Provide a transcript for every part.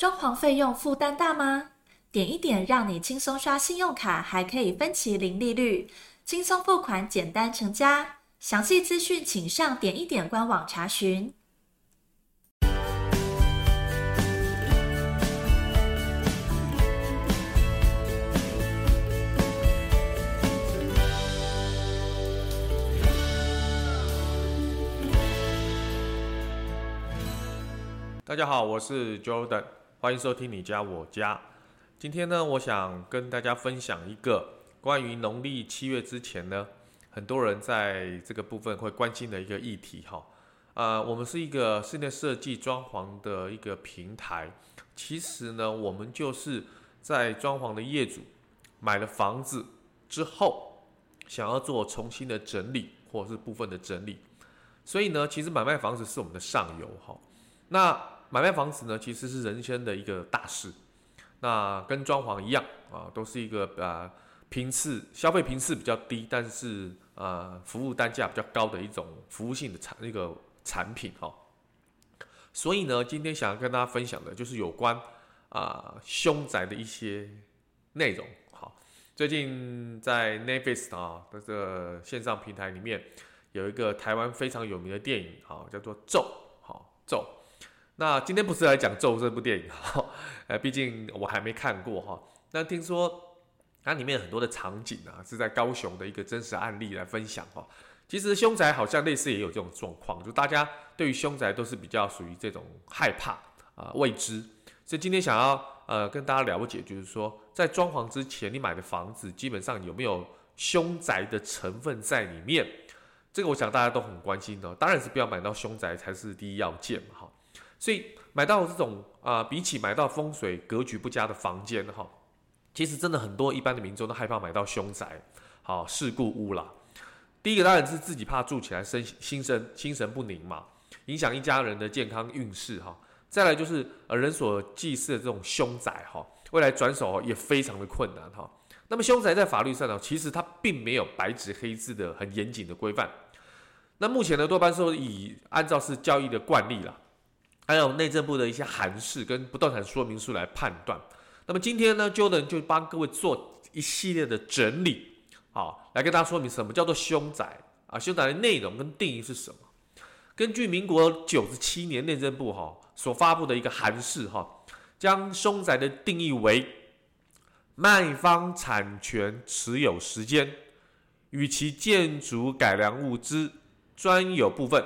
裝潢費用負擔大嗎？點一點讓你輕鬆刷信用卡，還可以分期零利率，輕鬆付款，簡單成家。詳細資訊請上點一點官網查詢。大家好，我是 Jordan。歡迎收聽你家我家。今天呢，我想跟大家分享一個關於農曆七月之前呢，很多人在這個部分會關心的一個議題哈。呃，我們是一個室內設計裝潢的一個平台。其實呢，我們就是在裝潢的業主買了房子之後，想要做重新的整理或者是部分的整理。所以呢，其實買賣房子是我們的上游哈。那買賣房子呢，其實是人生的一個大事，那跟裝潢一樣啊，都是一個呃、啊、頻次消費頻次比較低，但是呃、啊、服務單價比較高的一種服務性的產一個產品哦。所以呢，今天想要跟大家分享的就是有關啊兇宅的一些內容。好、哦，最近在 Netflix 啊的這個、線上平台裡面，有一個台灣非常有名的電影好、哦，叫做《咒》好、哦《咒》。那今天不是來講《咒》這部電影哈，畢竟我還沒看過哈。那聽說它裡面很多的場景啊，是在高雄的一個真實案例來分享哈。其實凶宅好像類似也有這種狀況，就大家對於凶宅都是比較屬於這種害怕啊、呃、未知。所以今天想要呃跟大家了解，就是說在裝潢之前，你買的房子基本上有沒有凶宅的成分在裡面？這個我想大家都很關心的、哦，當然是不要買到凶宅才是第一要件哈。所以買到這種啊、呃，比起買到風水格局不佳的房間哈，其實真的很多一般的民眾都害怕買到凶宅，好，事故屋啦。第一個當然是自己怕住起來身心身心神不寧嘛，影響一家人的健康運勢哈。再來就是呃人所祭祀的這種凶宅哈，未來轉手也非常的困難哈。那麼凶宅在法律上呢，其實它並沒有白紙黑字的很嚴謹的規範。那目前呢，多半是以按照是交易的慣例啦。還有內政部的一些函釋跟不動產說明書來判斷。那麼今天呢，Jordan 就幫各位做一系列的整理，好，來跟大家說明什麼叫做凶宅啊，凶宅的內容跟定義是什麼？根據民國九十七年內政部哈所發布的一個函釋哈，將凶宅的定義為賣方產權持有時間與其建築改良物之專有部分。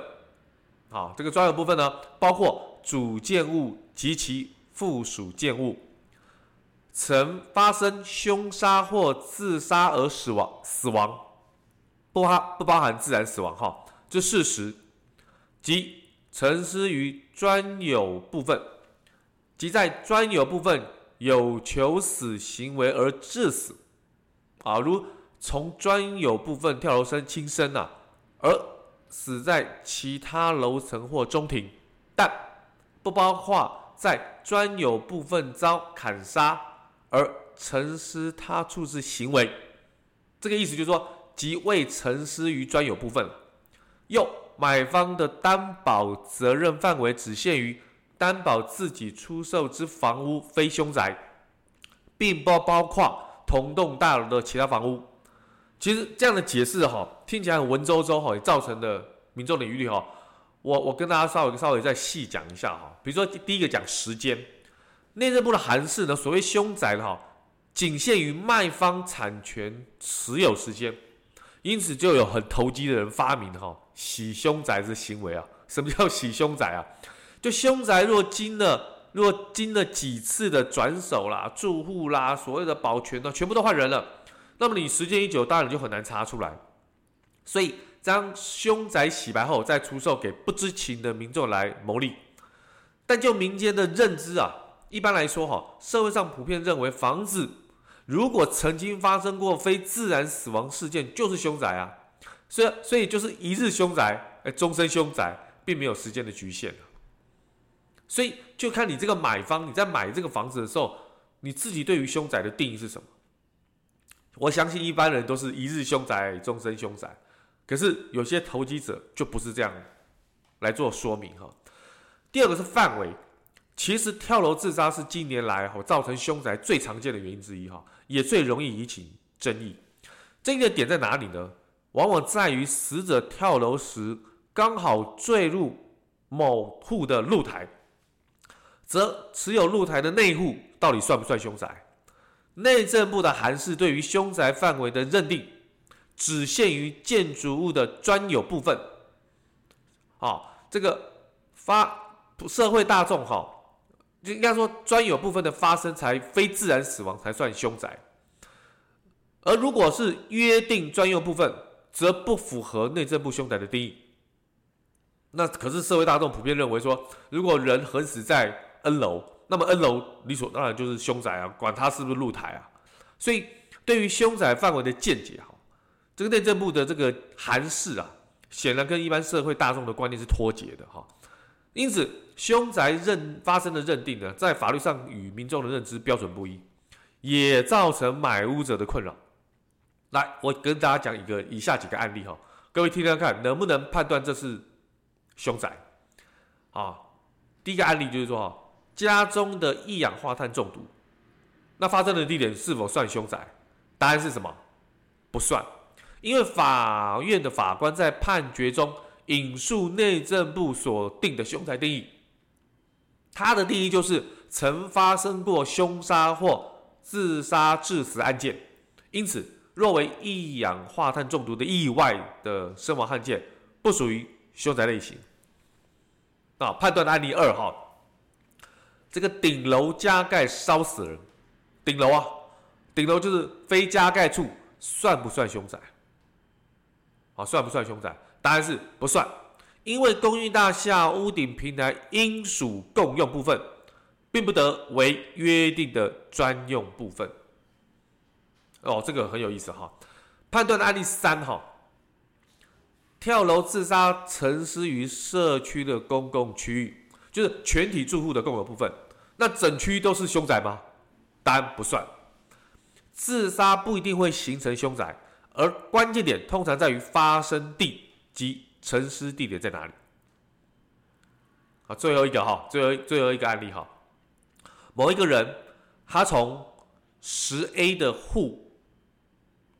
好，這個專有部分呢，包括。主建物及其附屬建物，曾發生凶殺或自殺而死亡，死亡不包不包含自然死亡哈，這事實，即陳屍於專有部分，即在專有部分有求死行為而致死，啊，如從專有部分跳樓身輕生吶、啊，而死在其他樓層或中庭，但。不包括在專有部分遭砍殺而陳屍他處之行為，這個意思就是說，即未陳屍於專有部分。又，買方的擔保責任範圍只限於擔保自己出售之房屋，非凶宅，並不包括同棟大樓的其他房屋。其實這樣的解釋哈，聽起來很文縐縐哈，也造成了民眾的疑慮哈。我我跟大家稍微稍微再細講一下哈，比如說第一個講時間，內政部的函釋呢，所謂凶宅哈，僅限於賣方產權持有時間，因此就有很投機的人發明哈「洗凶宅」這行為啊。什麼叫洗凶宅啊？就凶宅若經了若經了幾次的轉手啦，住戶啦，所謂的保全呢全部都換人了，那麼你時間一久，當然你就很難查出來，所以。將凶宅洗白後再出售給不知情的民眾來牟利，但就民間的認知啊，一般來說哈、啊，社會上普遍認為，房子如果曾經發生過非自然死亡事件，就是凶宅啊，所以所以就是一日凶宅，哎，終身凶宅，並沒有時間的局限。所以就看你這個買方，你在買這個房子的時候，你自己對於凶宅的定義是什麼？我相信一般人都是一日凶宅，終身凶宅。可是有些投機者就不是這樣來做說明哈。第二個是範圍，其實跳樓自殺是近年來哈造成凶宅最常見的原因之一哈，也最容易引起爭議。爭議的點在哪裡呢？往往在於死者跳樓時剛好墜入某戶的露台，則持有露台的內戶到底算不算凶宅？內政部的函釋對於凶宅範圍的認定。只限於建築物的專有部分，好，這個發社會大眾好，就應該說專有部分的發生才非自然死亡才算凶宅，而如果是約定專用部分，則不符合內政部凶宅的定義。那可是社會大眾普遍認為說，如果人橫死在 N 樓，那麼 N 樓理所當然就是凶宅啊，管他是不是露台啊。所以對於凶宅範圍的見解哈。這個內政部的這個函示啊，顯然跟一般社會大眾的觀念是脫節的哈，因此凶宅認發生的認定呢，在法律上與民眾的認知標準不一，也造成買屋者的困擾。來，我跟大家講一個以下幾個案例哈，各位聽聽看看能不能判斷這是凶宅？啊，第一個案例就是說哈，家中的一氧化碳中毒，那發生的地點是否算凶宅？答案是什麼？不算。因為法院的法官在判決中引述內政部所定的凶宅定義，它的定義就是曾發生過兇殺或自殺致死案件。因此，若為一氧化碳中毒的意外的身亡案件，不屬於凶宅類型。啊，判斷的案例二號，這個頂樓加蓋燒死人，頂樓啊，頂樓就是非加蓋處，算不算凶宅？好，算不算凶宅？答案是不算，因為公寓大廈屋頂平台應屬共用部分，並不得為約定的專用部分。哦，這個很有意思哈。判斷的案例三哈，跳樓自殺陳屍於社區的公共區域，就是全體住戶的共有部分。那整區都是凶宅嗎？答案不算，自殺不一定會形成凶宅。而關鍵點通常在於發生地及陳屍地點在哪裡？好，最後一個哈，最後最後一個案例哈，某一個人他從十 A 的戶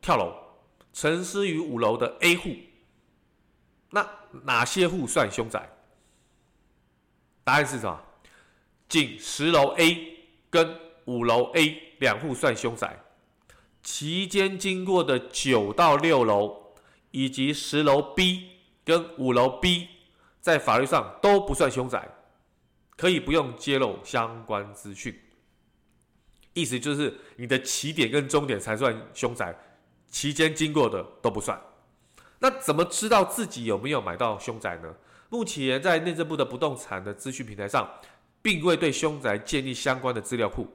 跳樓，陳屍於五樓的 A 戶，那哪些戶算凶宅？答案是什麼？僅十樓 A 跟五樓 A 兩戶算凶宅。期間經過的九到六樓以及十樓 B 跟五樓 B，在法律上都不算凶宅，可以不用揭露相關資訊。意思就是你的起點跟終點才算凶宅，期間經過的都不算。那怎麼知道自己有沒有買到凶宅呢？目前在內政部的不動產的資訊平台上，並未對凶宅建立相關的資料庫。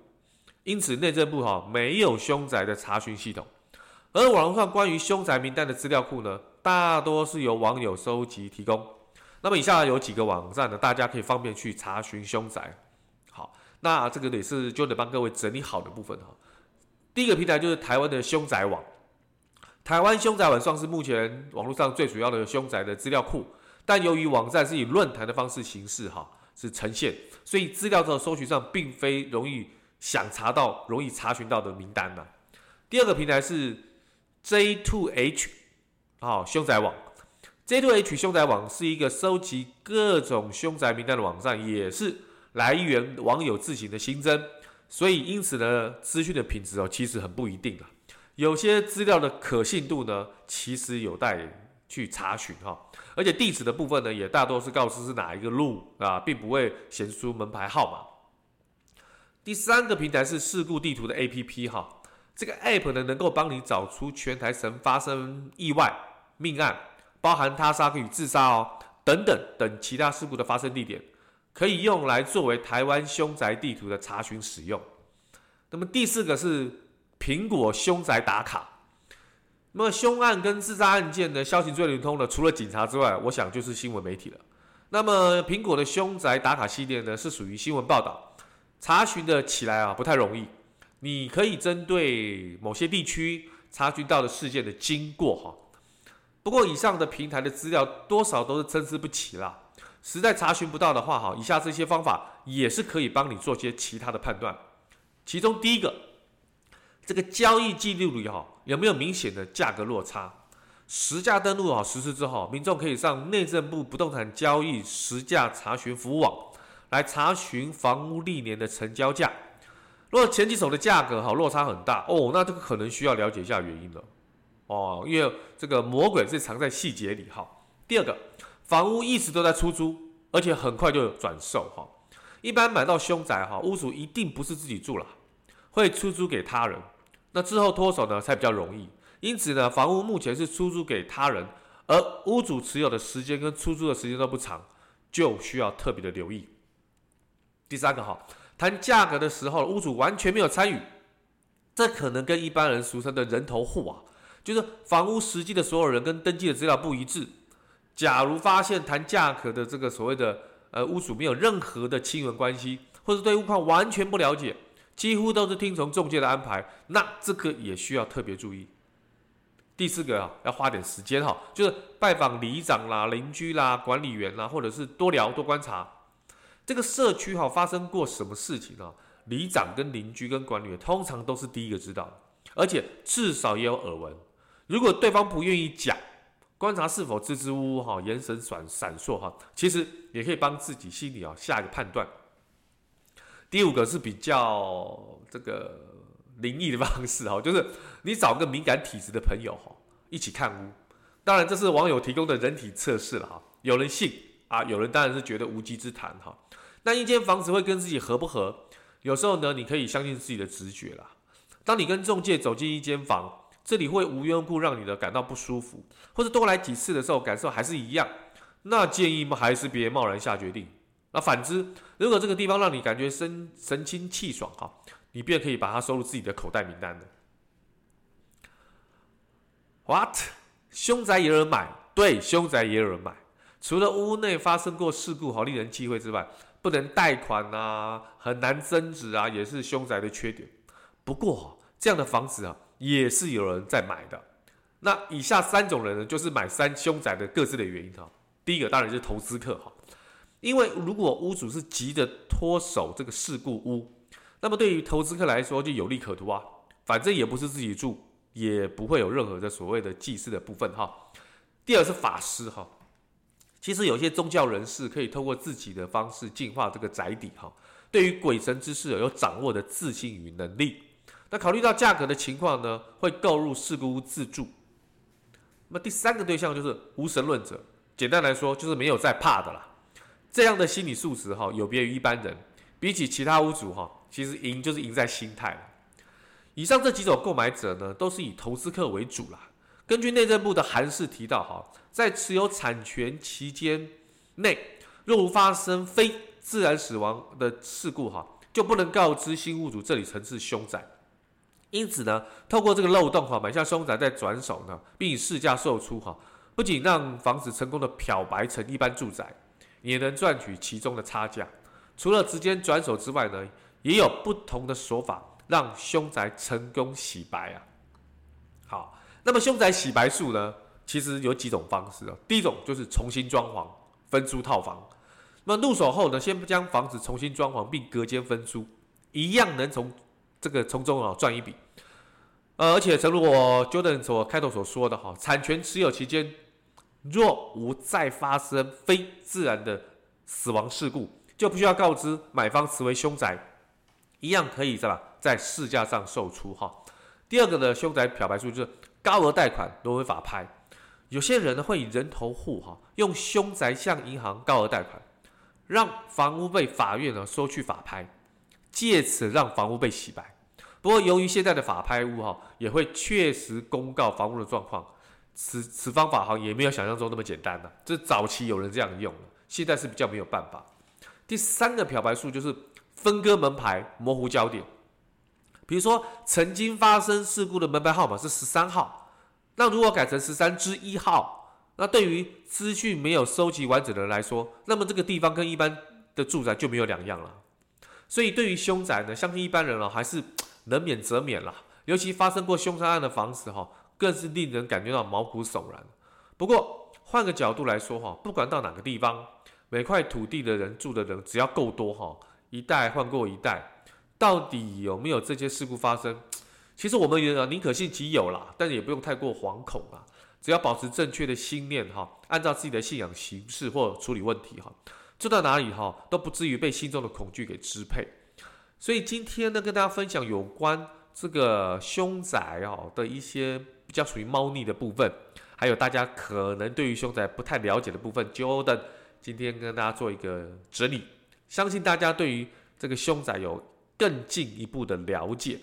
因此，內政部哈沒有凶宅的查詢系統，而網絡上關於凶宅名單的資料庫呢，大多是由網友收集提供。那麼，以下有幾個網站呢，大家可以方便去查詢凶宅。好，那這個也是就得幫各位整理好的部分哈。第一個平台就是台灣的凶宅網，台灣凶宅網算是目前網絡上最主要的凶宅的資料庫，但由於網站是以論壇的方式形式哈是呈現，所以資料的搜尋上並非容易。想查到容易查詢到的名單呢、啊？第二個平台是 J2H 哦凶宅網，J2H 凶宅網是一個收集各種凶宅名單的網站，也是來源網友自行的新增，所以因此呢，資訊的品質哦其實很不一定的、啊，有些資料的可信度呢其實有待去查詢哈、哦，而且地址的部分呢也大多是告知是哪一個路啊，並不會顯示出門牌號碼。第三個平台是事故地圖的 APP，哈，這個 APP 呢能夠幫你找出全台曾發生意外、命案，包含他殺與自殺哦等等等其他事故的發生地點，可以用來作為台灣凶宅地圖的查詢使用。那麼第四個是蘋果凶宅打卡。那麼凶案跟自殺案件呢，消息最靈通的，除了警察之外，我想就是新聞媒體了。那麼蘋果的凶宅打卡系列呢，是屬於新聞報道。查詢的起來啊，不太容易，你可以針對某些地區查詢到的事件的經過哈。不過以上的平台的資料多少都是參差不齊啦，實在查詢不到的話哈，以下這些方法也是可以幫你做些其他的判斷。其中第一個，這個交易記錄裡哈有沒有明顯的價格落差？實價登錄啊實施之後，民眾可以上內政部不動產交易實價查詢服務網，來查詢房屋歷年的成交價，如果前幾手的價格哈落差很大哦，那這個可能需要了解一下原因了哦，因為這個魔鬼是藏在細節裡哈。第二個，房屋一直都在出租，而且很快就有轉售哈。一般買到凶宅哈，屋主一定不是自己住了，會出租給他人，那之後脫手呢才比較容易。因此呢，房屋目前是出租給他人，而屋主持有的時間跟出租的時間都不長，就需要特別的留意。第三個哈，談價格的時候，屋主完全沒有參與，這可能跟一般人俗稱的人頭戶啊，就是房屋實際的所有人跟登記的資料不一致。假如發現談價格的這個所謂的呃屋主沒有任何的親緣關係，或者是對屋況完全不了解，幾乎都是聽從仲介的安排，那這個也需要特別注意。第四個啊，要花點時間哈，就是拜訪里長啦、鄰居啦、管理員啦，或者是多聊多觀察。這個社區哈，發生過什麼事情啊？里長跟鄰居跟管理員通常都是第一個知道，而且至少也有耳聞。如果對方不願意講，觀察是否支支吾吾哈，眼神閃閃爍哈，其實也可以幫自己心裡啊下一個判斷。第五個是比較這個靈異的方式哈，就是你找個敏感體質的朋友哈，一起看屋。當然這是網友提供的人體測試了哈，有人信。啊，有人當然是覺得無稽之談哈。那一間房子會跟自己合不合？有時候呢，你可以相信自己的直覺啦。當你跟仲介走進一間房，這裡會無緣無故讓你的感到不舒服，或者多來幾次的時候感受還是一樣，那建議還是別貿然下決定。那反之，如果這個地方讓你感覺神神清氣爽哈，你便可以把它收入自己的口袋名單了。What？凶宅也有人買？對，凶宅也有人買。除了屋內發生過事故，好令人忌諱之外，不能貸款啊，很難增值啊，也是凶宅的缺點。不過這樣的房子啊，也是有人在買的。那以下三種人呢，就是買三凶宅的各自的原因哈。第一個當然就是投資客哈，因為如果屋主是急着脫手這個事故屋，那麼對於投資客來說就有利可圖啊，反正也不是自己住，也不會有任何的所謂的祭祀的部分哈。第二是法師哈。其實有些宗教人士可以透過自己的方式淨化這個宅邸哈，對於鬼神之事有掌握的自信與能力。那考慮到價格的情況呢，會購入事故屋自住。那麼第三個對象就是無神論者，簡單來說就是沒有在怕的啦。這樣的心理素質哈，有別於一般人。比起其他屋主哈，其實贏就是贏在心態。以上這幾種購買者呢，都是以投資客為主啦。根據內政部的函釋提到哈。在持有產權期間內，若無發生非自然死亡的事故，哈，就不能告知新屋主這裡曾是兇宅。因此呢，透過這個漏洞，哈，買下兇宅再轉手呢，並以市價售出，哈，不僅讓房子成功的漂白成一般住宅，也能賺取其中的差價。除了直接轉手之外呢，也有不同的手法讓兇宅成功洗白啊。好，那麼兇宅洗白術呢？其實有幾種方式啊，第一種就是重新裝潢，分租套房。那入手後呢，先將房子重新裝潢並隔間分租，一樣能從這個從中啊賺一筆。呃，而且誠如我 Jordan 所開頭所說的哈、啊，產權持有期間若無再發生非自然的死亡事故，就不需要告知買方此為凶宅，一樣可以是吧？在市價上售出哈、啊。第二個呢，凶宅漂白術就是高額貸款淪為法拍。有些人呢會以人頭戶哈，用凶宅向銀行高額貸款，讓房屋被法院呢收去法拍，借此讓房屋被洗白。不過由於現在的法拍屋哈也會確實公告房屋的狀況，此此方法哈也沒有想象中那麼簡單吶、啊，這早期有人這樣用，現在是比較沒有辦法。第三個漂白術就是分割門牌，模糊焦點，比如說曾經發生事故的門牌號碼是十三號。那如果改成十三之一號，那對於資訊沒有收集完整的人來說，那麼這個地方跟一般的住宅就沒有兩樣了。所以對於凶宅呢，相信一般人哦，還是能免則免啦。尤其發生過凶殺案的房子哈，更是令人感覺到毛骨悚然。不過換個角度來說哈，不管到哪個地方，每塊土地的人住的人只要夠多哈，一代換過一代，到底有沒有這些事故發生？其實我們也寧可信其有啦，但也不用太過惶恐啊。只要保持正確的心念哈，按照自己的信仰形式或處理問題哈，做到哪裡哈都不至於被心中的恐懼給支配。所以今天呢，跟大家分享有關這個凶宅啊的一些比較屬於貓膩的部分，還有大家可能對於凶宅不太了解的部分，就等今天跟大家做一個整理，相信大家對於這個凶宅有更進一步的了解。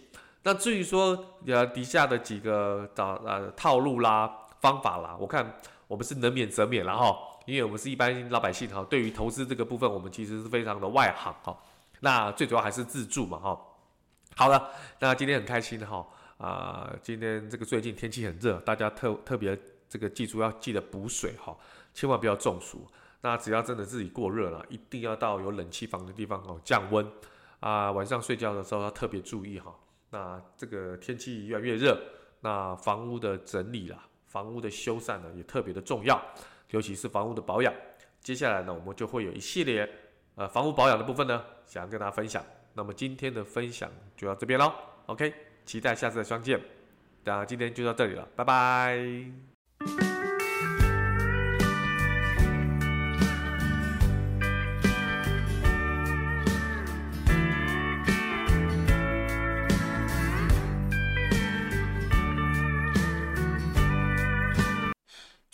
那至於說呃底下的幾個找呃、啊、套路啦方法啦，我看我們是能免則免了哈，因為我們是一般老百姓哈，對於投資這個部分，我們其實是非常的外行哈。那最主要還是自住嘛哈。好了，那今天很開心哈啊！今天這個最近天氣很熱，大家特特別這個記住要記得補水哈，千萬不要中暑。那只要真的自己過熱了，一定要到有冷氣房的地方哦降溫。啊，晚上睡覺的時候要特別注意哈。那這個天氣越來越熱，那房屋的整理啦，房屋的修繕呢也特別的重要，尤其是房屋的保養。接下來呢，我們就會有一系列呃房屋保養的部分呢，想要跟大家分享。那麼今天的分享就到這邊嘍，OK，期待下次再相見。大家今天就到這裡了，拜拜。